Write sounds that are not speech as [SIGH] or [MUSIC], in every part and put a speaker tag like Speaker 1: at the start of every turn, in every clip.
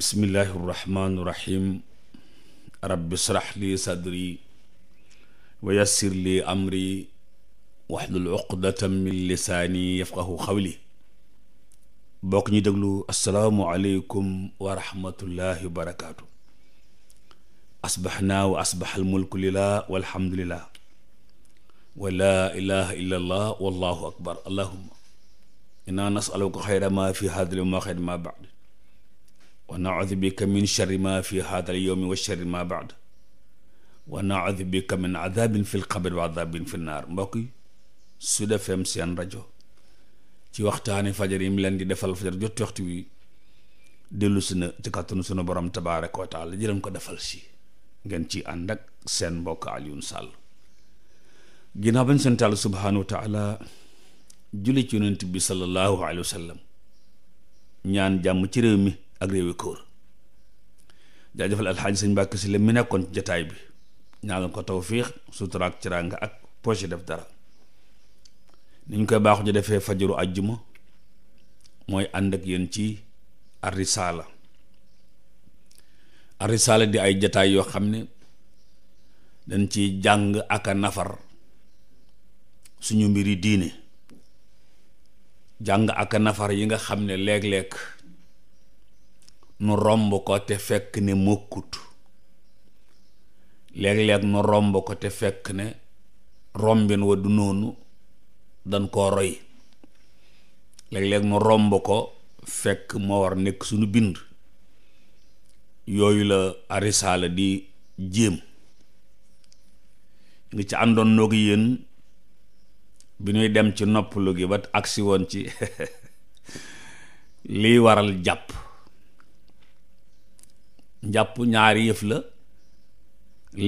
Speaker 1: bismillaahi rahmaani rahiim rabbi srax li sadri wa yassir li amri waxlul uqdatan min lisaani yafqahu xawli bokk ñu déglu assalaamu aleykum wa rahmatullaahi wa barakaatu asbaxnaa wa asbaxal mulku lilaa walhamdulillah wa laa ilaha illa allah wallahu akbar allahumma inna nasaluka xayra ma fi haadal yawm wa xayra ma ba'd wa naudu bika min sharri fi ma baad wa naudu bika min adabin fi lqabri wa adabin mbokk yi Sud seen rajo ci waxtaani fajar yi mu leen di defal fajar jot waxtu si na ci sunu borom tabaaraka wa taala ko defal si ngeen ci ànd seen mbokk Alioune Sall ginnaaw bañ seen tàll subhaanahu wa taala julli ci yonent bi sallallahu alayhi wa sallam ñaan jàmm ci réew mi ak réewi kóor jaajëfal alxaaji sëñ Mbàkke si lem mi nekkoon ci jataay bi ñaanal ko tawfiix sutura ak ciranga ak poche def dara ni ñu koy baaxu ñu defee fajaru àjjuma mooy ànd ak yéen ci arisaala arisaala di ay jataay yoo xam ne dañ ci jàng ak a nafar suñu mbiri diine jàng ak nafar yi nga xam ne léeg-léeg nu romb ko te fekk ne mokkut léeg-léeg nu romb ko te fekk ne rombin wa du noonu dañ koo roy léeg-léeg nu romb ko fekk moo war nekk sunu bind yooyu la arisaala di jéem ngi ci àndoon noog yéen bi ñuy dem ci noppalu gi ba agsi woon ci [LAUGHS] liy waral jàpp njàpp ñaari yëf la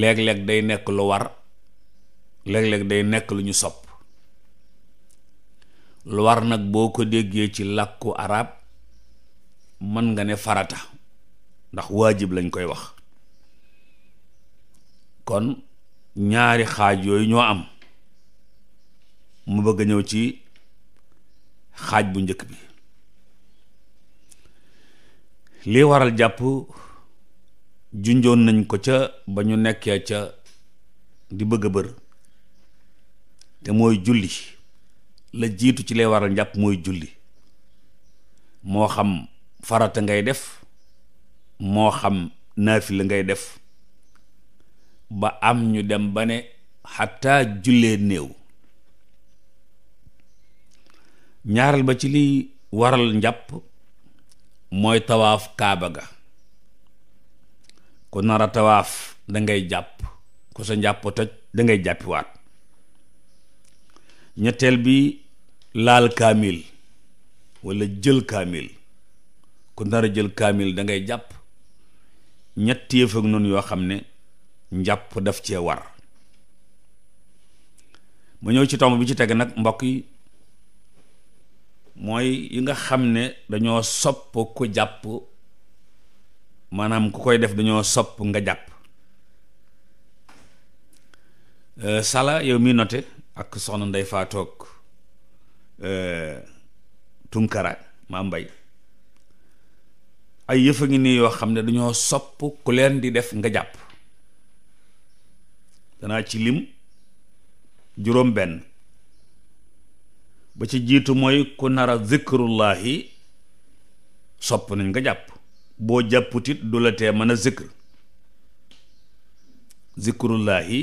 Speaker 1: léeg-léeg day nekk lu war léeg-léeg day nekk lu ñu sopp lu war nag boo ko déggee ci làkku arab mën nga ne farata ndax waajib lañ koy wax kon ñaari xaaj yooyu ñoo am mu bëgg a ñëw ci xaaj bu njëkk bi lii waral jàpp junjoon nañ ko ca ba ñu nekkee ca di bëgg a bër te mooy julli la jiitu ci lay waral njàpp mooy julli moo xam farata ngay def moo xam naafila ngay def ba am ñu dem ba ne xataa jullee néew ñaaral ba ci liy waral njàpp mooy tawaaf kaaba ga ku nara tawaaf dangay jàpp ku sa njàpp toj da jàppiwaat ñetteel bi laal kaamil walla jël kaamil ku nar a jël kaamil da ngay jàpp ñetti yëf noonu yoo xam ne njàpp daf cee war ma ñëw ci tomb bi ci teg nag mbokk yi mooy yi nga xam ne dañoo sopp ku jàpp maanaam ku koy def dañoo sopp nga jàpp euh, sala yow mi note ak soxna ndey faa toog euh, tunkara maa mbay ay yëfa ngi nii yoo xam ne dañoo sopp ku leen di def nga jàpp danaa ci lim juróom benn ba ci jiitu mooy ku nara zikrullahi sopp nañ nga jàpp boo jàpputit du la tee mën a zikr zikrullahi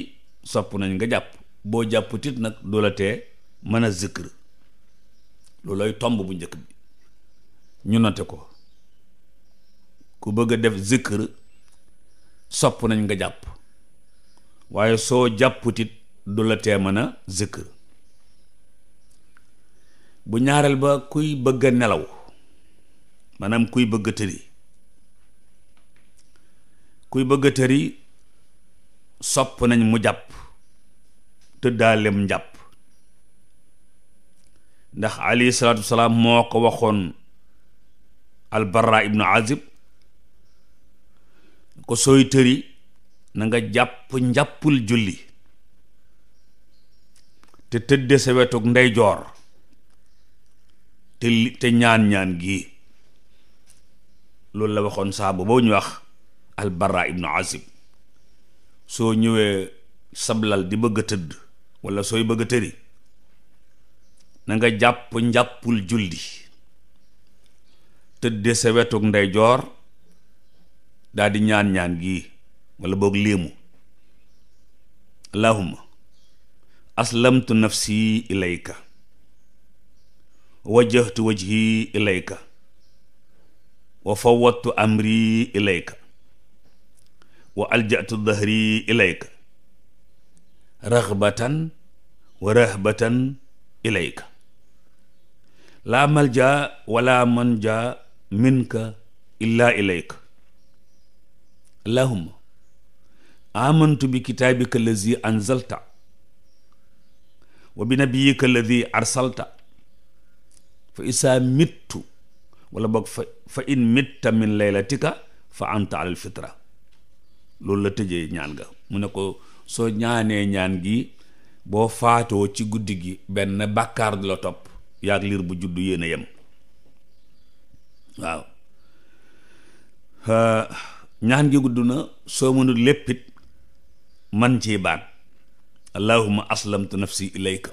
Speaker 1: sopp nañ nga jàpp boo jàpputit nag du la tee mën a zikr loolooy tomb bu njëkk bi ñu note ko ku bëgg a def zikr sopp nañ nga jàpp waaye soo jàpputit du la tee mën a zikr bu ñaareel ba kuy bëgg a nelaw maanaam kuy bëgg a tëri kuy bëgg a tëri sopp nañ mu jàpp tëddaalem njàpp ndax alayhi salaatu wasalaam moo ko waxoon albarra ibnu azib ko sooy tëri na nga jàpp njàppul julli te tëdde sa wetug ndeyjoor te te ñaan-ñaan gii loolu la waxoon saabu boo ñu wax albara ibnu azib soo ñëwee sablal di bëgg a tëdd wala sooy bëgga a tëri na jàpp njàppul julli tëddee sa wetug ndeyjoor daal di ñaan-ñaan gi wala boog léemu allahumma aslamtu nafsi ilayka wajjahtu wajhi ilayka wa fawwadtu amri ilayka wa aljatu dahri ilayka raxbatan wa rahbatan ilayka laa malja wala manja minka illa ilayka allahumma amantu bi kitaabika allazi anzalta wa bi nabiyika allazi arsalta fa isaa mittu wala boog fa fa in mitta min laylatika fa anta alal fitra loolu la tëjee ñaan ga mu ne ko soo ñaanee ñaan gi boo faatoo ci guddi gi benn bàkkaar la topp yaag liir bu juddu yéen yem waaw ñaan gi gudd na soo mënul léppit man ci baat allahumma aslamtu nafsi ilayka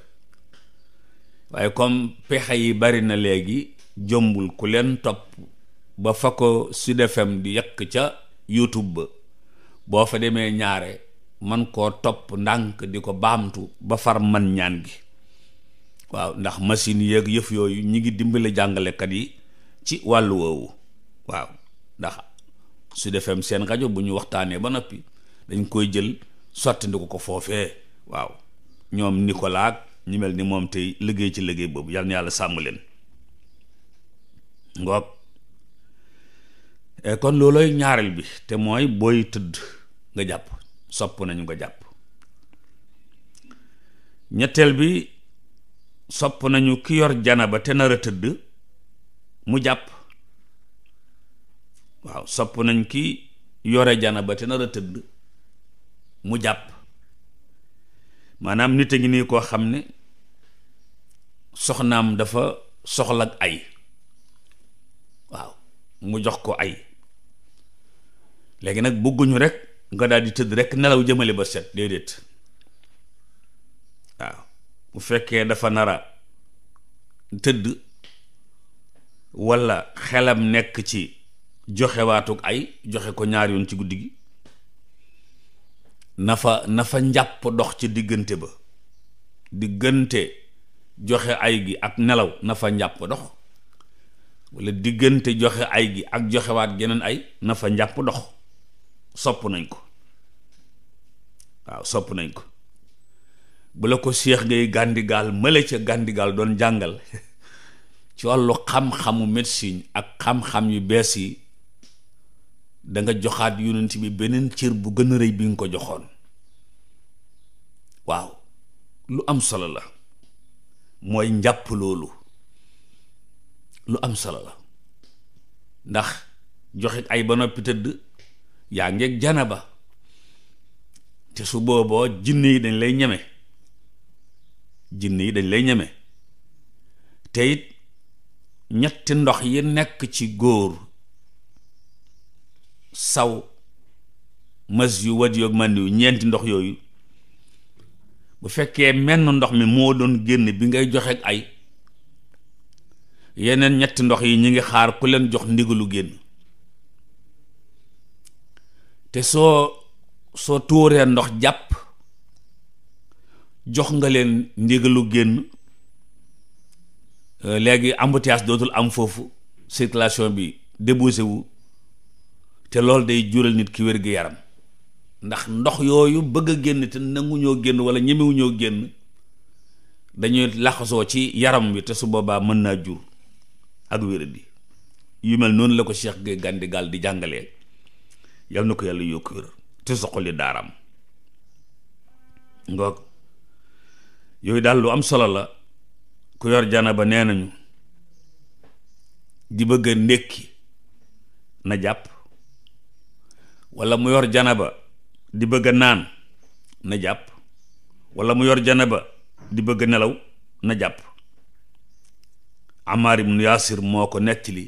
Speaker 1: waaye comme pexe yi bari na léegi jombul ku leen topp ba fa ko Sud di yàq ca YouTube ba boo fa demee ñaare man koo topp ndànk di ko baamtu ba far man ñaan gi waaw ndax machine yéeg yëf yooyu ñi ngi dimbale jàngalekat yi ci wàllu woowu waaw ndax su defeem seen rajo bu ñu waxtaanee ba noppi dañ koy jël sotti ndi ko ko foofee waaw ñoom Nicolas ñu mel ni moom tey liggéey ci liggéey boobu yal na yàlla sàmm leen ngoog eh, kon loolooy ñaareel bi te mooy booy tëdd nga jàpp sopp nañu nga jàpp ñetteel bi sopp nañu ki yor jana ba nar tëdd mu jàpp waaw sopp nañ ki yore janaba te nar a tëdd mu jàpp maanaam nit a ngi nii koo xam ne soxnaam dafa soxla ak ay waaw mu jox ko ay léegi nag bëgguñu rekk nga daal di tëdd rekk nelaw jëmale ba set déedéet waaw bu fekkee dafa nara tëdd walla xelam nekk ci joxe waatug ay joxe ko ñaar yoon ci guddi gi na fa na fa njàpp dox ci diggante ba diggante joxe ay gi ak nelaw na fa njàpp dox walla diggante joxe ay gi ak joxewaat geneen ay na fa njàpp dox sopp nañ ko waaw sopp nañ ko bu la ko seex ngay gàndigaal mële ca gàndigaal doon jàngal ci wàllu xam-xamu médecine ak xam-xam yu bees yi danga joxaat yonent bi beneen cër bu gën a rëy bi nga ko joxoon waaw lu am solo la mooy njàpp loolu lu am solo la ndax joxe ay ba noppi tëdd yaa jana ba te su booboo jinne yi dañ lay ñeme jinne yi dañ lay ñeme te ñetti ndox yi nekk ci góor saw mas yu wat yoog màndi ñeenti ndox yooyu bu fekkee menn ndox mi moo doon génn bi ngay joxe ay yeneen ñetti ndox yi ñu ngi xaar ku leen jox ndigalu génn te soo soo tuuree ndox jàpp jox nga leen ndigalu génn euh, léegi embouteillage dootul am foofu circulation bi débouché wu te loolu day jural nit ki wér gi yaram ndax ndox yooyu bëgg a génn te nangu ñoo génn wala ñemewu ñoo génn dañuy laxasoo ci yaram wi te su boobaa mën naa jur ak wér di yu mel noonu la ko Cheikh Gueye Gandhi Gall di jàngalee yal na ko yàlla yokk wér te suqali daaram ngoog yooyu daal lu am solo la ku yor jana ba nee nañu di bëgg a ndékki na jàpp wala mu yor jana ba di bëgga naan na jàpp wala mu yor jana ba di bëgg nelaw na jàpp Amar ibnu Yaasir moo ko nettali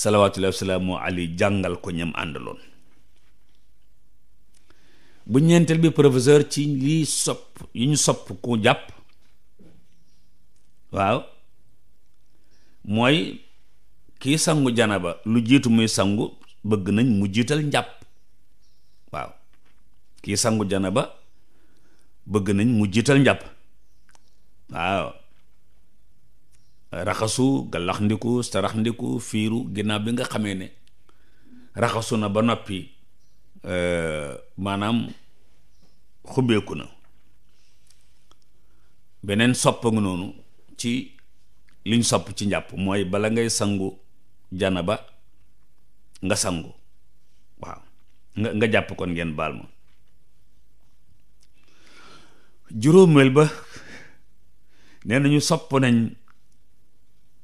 Speaker 1: salawaatullaahi wa salaamu alayhi jàngal ko ñam àndaloon bu ñeenteel bi professeur ci lii sopp yi ñu sopp ku jàpp waaw mooy kii sangu janaba lu jiitu muy sangu bëgg nañ mu jiital njàpp waaw kii sangu ba bëgg nañ mu jiital njàpp waaw raxasu galaxndiku saraxndiku fiiru ginnaaw bi nga xamee ne raxasu na ba noppi Euh, maanaam xubbeeku na beneen sopp nga noonu ci liñ sopp ci njàpp mooy bala ngay sangu ba nga sangu waaw nga nga jàpp kon ngeen baal ma juróomeel ba nee nañu sopp nañ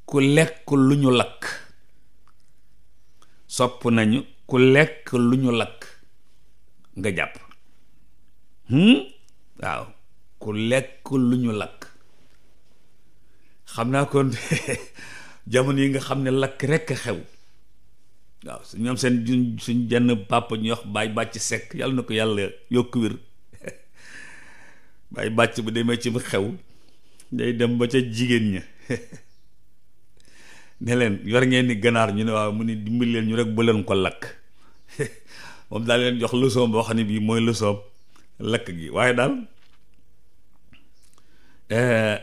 Speaker 1: ku lekk lu ñu lakk sopp nañu ku lekk lu ñu lakk nga jàpp hmm? waaw ku lekk lu ñu lakk xam naa kon [LAUGHS] jamono yi nga xam ne lakk rekk xew waaw su ñoom seen suñ jenn papa ñu wax baay bàcc sekk yàlla na ko yàlla yokk wér [LAUGHS] baay bàcc bu demee ci xew day dem ba ca jigéen ña [LAUGHS] ne leen yor ngeen ni ganaar ñu ne waaw mu ni dimbali leen ñu rek bu leen ko lakk moom daal leen jox leçon boo xam ne bii mooy leçon lakk gi waaye daal eh,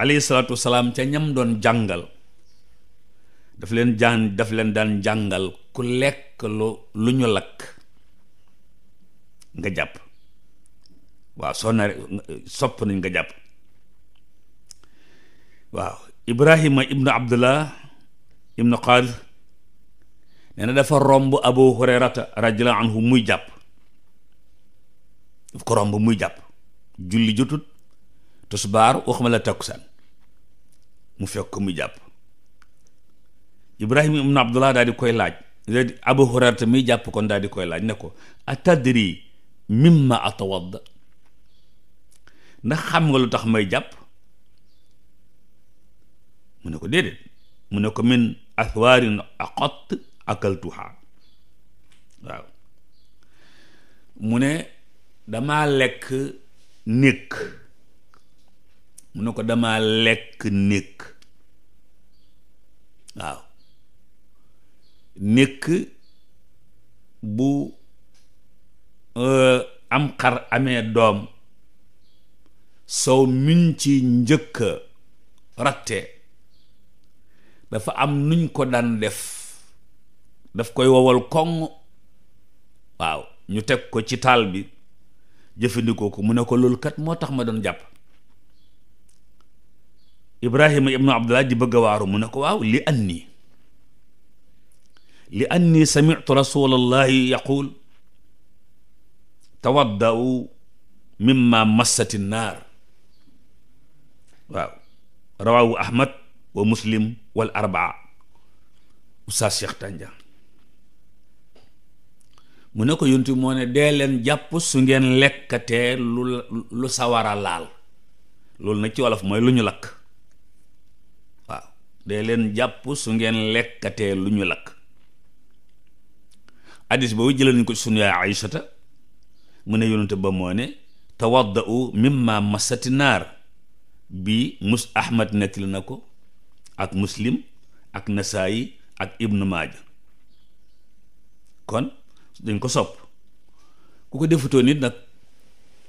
Speaker 1: alayhi salaatu wasalaam ca ñam doon jàngal daf leen jaan daf leen daan jàngal ku lekk lu lu ñu lakk nga jàpp waaw soo na sopp nañ nga jàpp waaw ibrahima ibnu abdullah ibnu qaad nee na romb abu hurayrata radiyallahu anhu muy jàpp daf ko romb muy jàpp julli jotut tusbaar waxuma la takkusaan mu fekk ko muy jàpp ibrahim ibnu abdullah daal di koy laaj abu hurayrata muy jàpp kon daal di koy laaj ne ko atadri mimma atawadda ndax xam nga lu tax may jàpp mu ne ko déedéet mu ne ko min athwarin aqat akaltuha waaw mu ne damaa lekk nékk mu ne ko damaa lekk nékk waaw nékk bu euh, am xar amee doom soow miñ ci njëkka ratte dafa am nuñ ko daan def daf koy wowal koŋ waaw ñu teg ko ci taal bi jëfandikoo ko mu ne ko loolu kat moo tax ma doon jàpp ibrahima ibnu abdullah ji bëgg a waaru mu ne ko waaw li anni li anni samitu rasulallahi yaqul tawaddau mimma massati nnaar waaw rawahu ahmad wa muslim wal arbaa oustaz cheikh tànja mu ne ko yontu moo ne dee leen jàpp su ngeen lekkatee lu lu sawara laal loolu nag ci wolof mooy lu ñu lakk waaw dee leen jàpp su ngeen lekkatee lu ñu lakk addis boobu jëlee nañ ko sunu yaay Aysata mu ne yonente ba moo ne tawaddau mimma masati naar bi mus ahmad nettali na ko ak muslim ak nasaayi ak ibnu maaja kon dañ ko sopp ku ko defutoo nit nag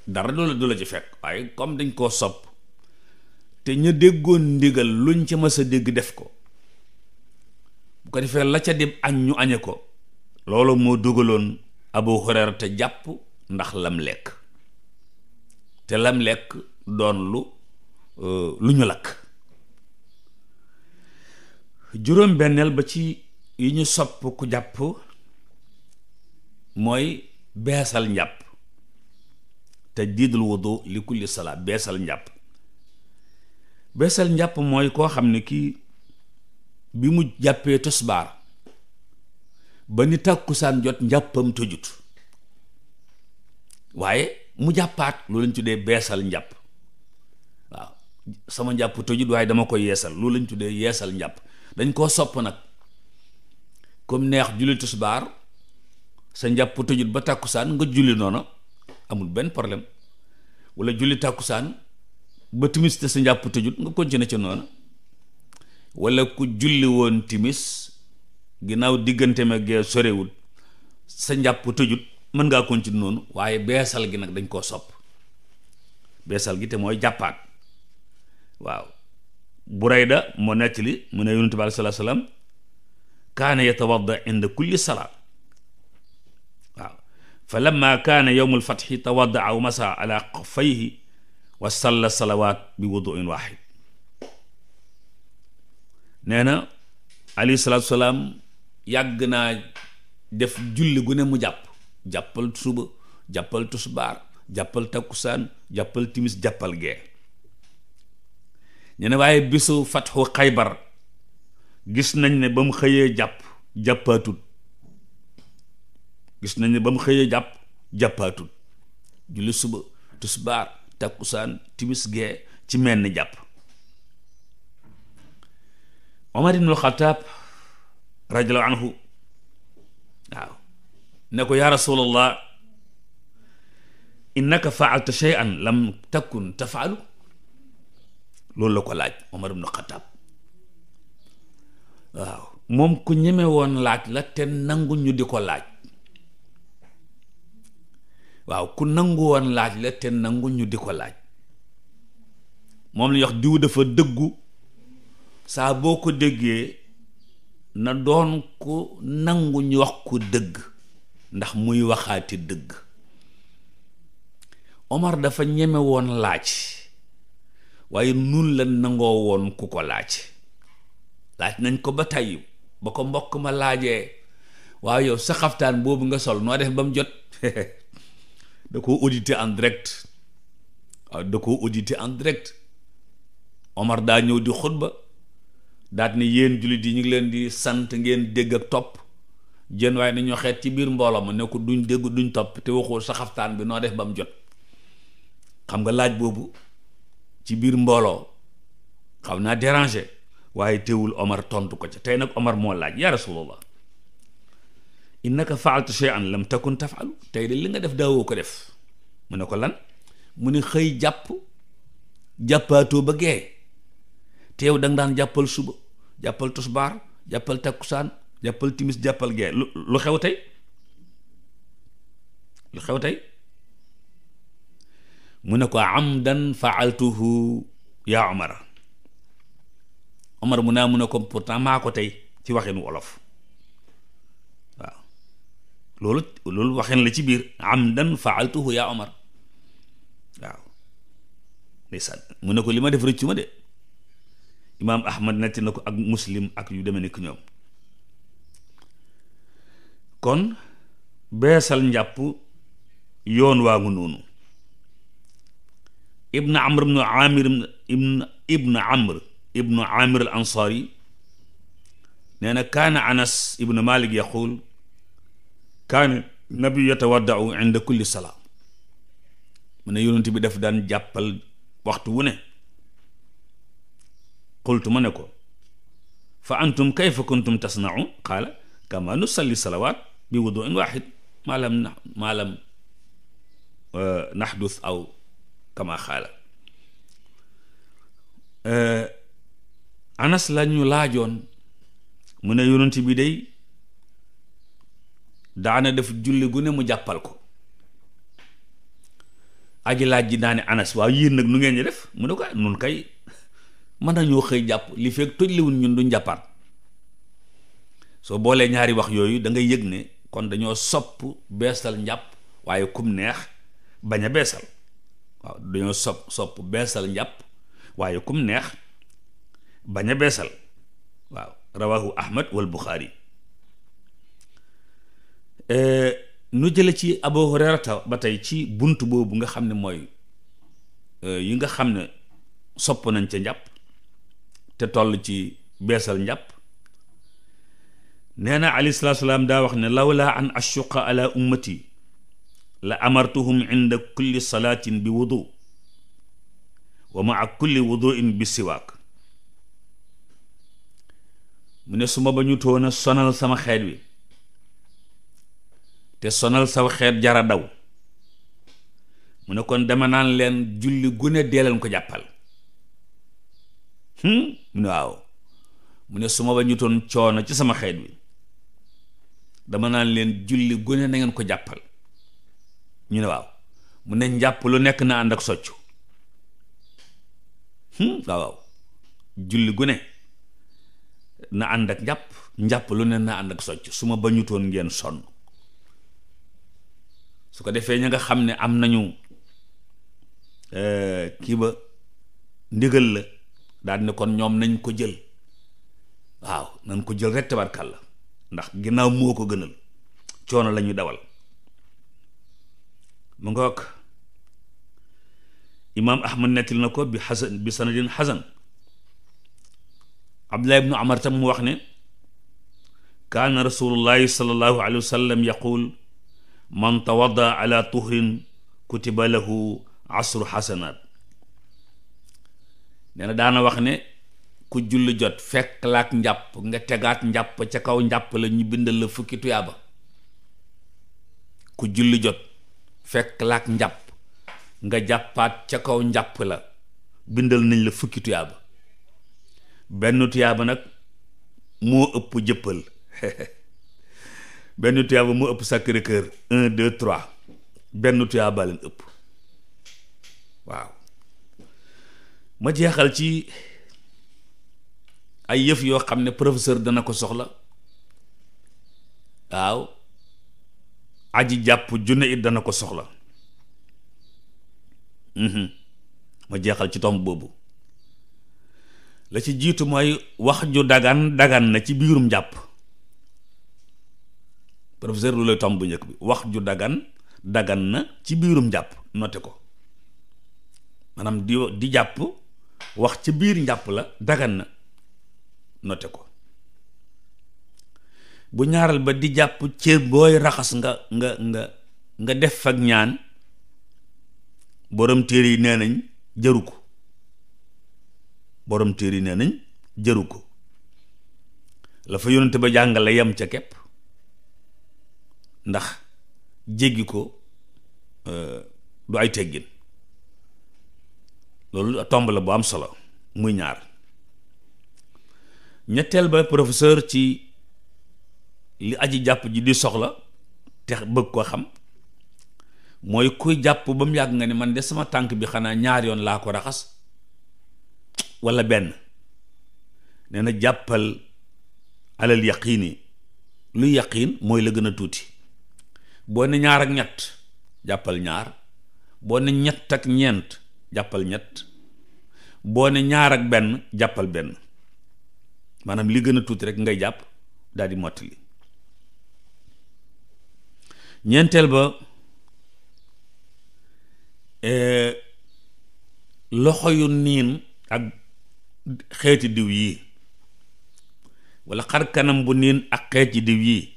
Speaker 1: dara du la du la ci fekk waaye comme dañ koo sopp te ñu déggoon ndigal luñ ci mës a dégg def ko bu ko defee la ca dem añ ñu añe ko loolu moo dugaloon Abu Hurayra te jàpp ndax lam lekk te lam lekk doon lu euh, lu ñu lakk juróom benneel ba ci yi ñu sopp ku jàpp mooy beesal njàpp tajdiidul wudu li kulli salaat beesal njàpp beesal njàpp mooy koo xam ne kii bi mu jàppee tosbaar ba ni kusaan jot njàppam tëjut waaye mu jàppaat loolu lañ tuddee beesal njàpp waaw sama njàpp tëjut waaye dama ko yeesal loolu lañ tuddee yeesal njàpp dañ koo sopp nag comme neex julli tosbaar sa njàpp tëjut ba tàkkusaan nga julli noonu amul benn problème wala julli tàkkusaan ba timis te sa njàpp tëjut nga continuer ci noona wala ku julli woon timis ginnaaw diggante ma sa njàpp tëjut mën ngaa continuer noonu waaye beesal gi nag dañ koo sopp beesal gi te mooy jàppaat waaw Burayda moo nettali mu ne yonent bi aleyhi salaam kaana yatawadda inda kulli salaat fa lamma kaana yowmu alfatxi tawaddaa wa masa ala xofayhi wa salla salawaat bi wuduin waxid nee na alayhi salaatu salaam yàgg naa def julli gu ne mu jàpp jàppal suba jàppal tusbaar jàppal takkusaan jàppal timis jàppal gee ñu ne waaye bisu fatxu xaybar gis nañ ne ba mu xëyee jàpp jàppaatut gis nañ ba mu xëyee jàpp jàppaatul julli suba tisbaar takkusaan timis gee ci menn jàpp Omar ibnul Xataab radiallahu anhu waaw ne ko yaa rasulallah innaka faalta shay'an lam takun tafaalu loolu la ko laaj Omar ibnul Xataab waaw moom ku ñeme laaj la te nangu ñu di ko laaj waaw ku nangu woon laaj la te nangu ñu di ko laaj moom la ñu diw dafa dëggu saa boo ko déggee na doon ku nangu ñu wax ko dëgg ndax muy waxaati dëgg Omar dafa ñeme woon laaj waaye nun la nangoo woon ku ko laaj laaj nañ ko ba tàyyi ba ko mbokk ma laajee waaw yow sa xaftaan boobu nga sol noo def ba mu jot [LAUGHS] da ko audité en direct waaw ah, da ko audité en direct Omar daa ñëw di xutba daat ni yéen jullit yi ñu ngi leen di sant ngeen dégg ak topp jën waaye nañoo xeet ci biir mbooloo ma ne ko duñ dégg duñ topp te waxoo sa xaftaan bi noo def ba mu jot xam nga laaj boobu ci biir mbooloo xam naa déranger waaye teewul Omar tontu ko ca tey nag Omar moo laaj yaa Rasulallah innaka faaltu shay'an lam takun tafalu tey de li nga def daawoo ko def mu ne ko lan mu ne xëy jàpp jàppaatoo ba gee te yow da daan jàppal suba jàppal tosbaar jàppal takkusaan jàppal timis jàppal gee lu lu xew tey lu xew tey mu ne ko am amdan faaltuhu yaa omara omar mu naa mu ne ko pourtant ko tey ci waxinu wolof loolu loolu waxeen la ci biir am amdan faaltuhu yaa omar waaw mu ne ko li ma def rëccu ma de imaam ahmad netti na ko ak muslim ak yu deme nekk ñoom kon beesal njàpp yoon waa ngu noonu ibn amr ibn amir ibn ibn amr ibn amir al ansaari nee na kaana anas ibn malik yaquul kaane nabi yatawaddau inda kulli salaa mu ne yonent bi daf daan jàppal waxtu wu ne qultu ma ne ko fa antum kayfa kuntum tasnau qaala kama nusalli salawaat bi wuduin waxid maa lam na maa lam euh, naxdus aw kama xaala euh, anas la ñu laajoon mu ne yonent bi day daane def julli gu ne mu jàppal ko ajilaaj laaj ji daane anas waaw yéen nag nu ngeen di def mu ne ko nun kay mën nañoo xëy jàpp li fekk toj liwun ñun duñ jàppaat soo boolee ñaari wax yooyu dangay ngay yëg ne kon dañoo sopp beesal njàpp waaye kum neex bañ a beesal waaw dañoo sopp sopp beesal njàpp waaye kum neex bañ a beesal waaw rawahu ahmad wal buxaari nu jële ci Abu Hurayrata ba tey ci bunt boobu nga xam ne mooy euh, yi nga xam ne sopp nañ ca njàpp te toll ci beesal njàpp nee na alayhi salaatu daa wax ne lawlaa an ashuqa ala ummati la amartuhum inda kulli salaatin bi wudu wa maa kulli wuduin bi siwaak mu ne suma ba ñu toona sonal sama xeet wi te sonal saw xeet jara daw mu ne kon dama naan leen julli gune dee leen ko jàppal hmm? mu ne waaw mu ne su ma ba ci sama xeet dama naan leen julli gune na ngeen ko jàppal ñu ne waaw mu ne njàpp lu nekk na ànd ak soccu hmm? waaw waaw julli gune na ànd ak njàpp njàpp lu ne na ànd ak soccu su ma ba ñu ngeen sonn su ko defee ña nga xam ne am nañu euh, kii ba ndigal la daal ne kon ñoom nañ ko jël waaw nañ ko jël rek tabarkàlla ndax ginnaaw moo ko gënal coono la ñu dawal mu ngoog imaam ahmad nettil na ko bi xasan bi sanadin xasan abdullah ibnu amar tam mu wax ne kaana rasulullahi sallallahu alayhi wa sallam yaqul man tawadda ala tuhrin kutiba lahu asru xasanaat nee na daana wax ne ku julli jot fekk laak njàpp nga tegaat njàpp ca kaw njàpp la ñu bindal la fukki tuyaaba ku julli jot fekk laak njàpp nga jàppaat ca kaw njàpp la bindal nañ la fukki tuyaaba benn tuyaaba nag moo ëpp jëppal [LAUGHS] benn tuyaaba mu ëpp Sacré Cœur un deux trois benn tuyaaba ëpp waaw ma jeexal ci ay yëf yoo xam ne professeur dana ko soxla waaw aji jàpp junne it dana ko soxla mhm. ma jeexal ci tomb boobu la ci jiitu mooy wax ju dagan dagan na ci biirum jàpp professeur lu lay tom bu njëkk bi wax ju dagan dagan na ci biirum njàpp note ko maanaam di di jàpp wax ci biir njàpp la dagan na note ko bu ñaaral ba di jàpp cër booy raxas nga nga nga nga def ak ñaan boroom téer yi nee nañ jëru ko boroom téer yi nee nañ jëru ko la fa yónnante ba jàngale yem ca kepp ndax jéggi ko euh, du ay teggin loolu tomb la bu am solo muy ñaar ñetteel ba professeur ci li aji jàpp ji di soxla te bëgg ko xam mooy kuy jàpp ba mu yàgg nga ne man de sama tànk bi xanaa ñaar yoon laa ko raxas walla benn nee na jàppal alal yaqiini lu yaqiin mooy la gën a tuuti boo ne ñaar ak ñett jàppal ñaar boo ne ñett ak ñeent jàppal ñett boo ne ñaar ak benn jàppal benn maanaam li gën a tuuti rek ngay jàpp daal di mottali ñeenteel ba eh, loxo yu niin ak xeeti diw yi walla xar kanam bu niin ak xeeti diw yi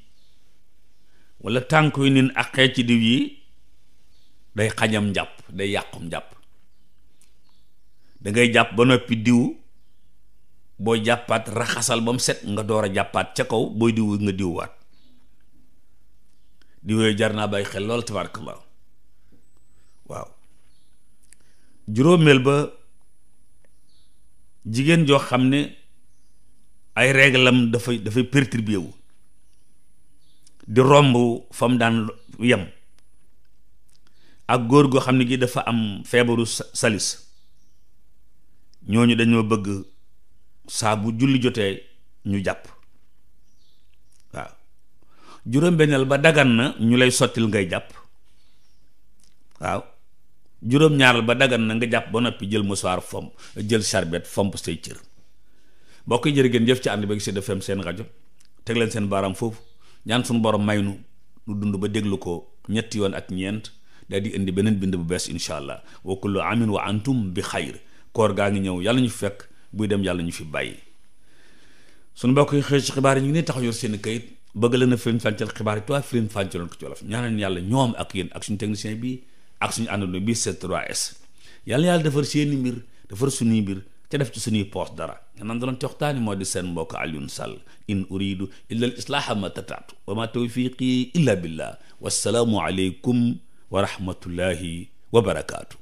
Speaker 1: wala tànk yu nin aqee ci diw yi day xajam njàpp day yàqum njàpp dangay jàpp ba noppi diw boo jàppaat raxasal ba mu set nga door a jàppaat ca kaw booy diw nga diwwaat diw yooyu jar naa bay xel lool tabarakallah waaw juróomeel ba jigéen joo xam ne ay réglam dafay dafay perturbé wu di romb fa mu daan yem ak góor goo xam ne gi dafa am feebaru salis ñooñu dañoo bëgg saa bu julli jotee ñu jàpp waaw juróom-benneel ba daggan na ñu lay sottil ngay jàpp waaw juróom-ñaaral ba dagan na nga jàpp ba noppi jël mouchoir fomp jël charbet fomp say cër mbokk yi jërë ngeen jëf ci ànd beeg si Sud FM seen rajo teg leen seen baaraam foofu ñaan suñu borom maynu lu nu dund ba déglu ko ñetti yoon ak ñeent daal di indi beneen bind bu bees incha allah wa kullu amin wa antum bi xayr koor gaa ngi ñëw yàlla ñu fekk buy dem yàlla ñu fi bàyyi suñu mbokk yi xëy ci xibaar yi ñu ngi ne taxaw yor seen kayit bëgg leen a firim fàncal xibaar yi toi firim fàncaloon ko ci wolof yàlla ñoom ak yéen ak suñu technicien bi ak suñu àndandoo bi C3S yàlla yàlla defar seeni mbir defar suñuy mbir te def ci suñuy poos dara nga naan doon waxtaani moo di seen mbokk Alioune Sall in uridu illa al islaaha ma tataatu wa ma tawfiqi illa billah wassalaamu aleykum wa rahmatullahi wa barakaatu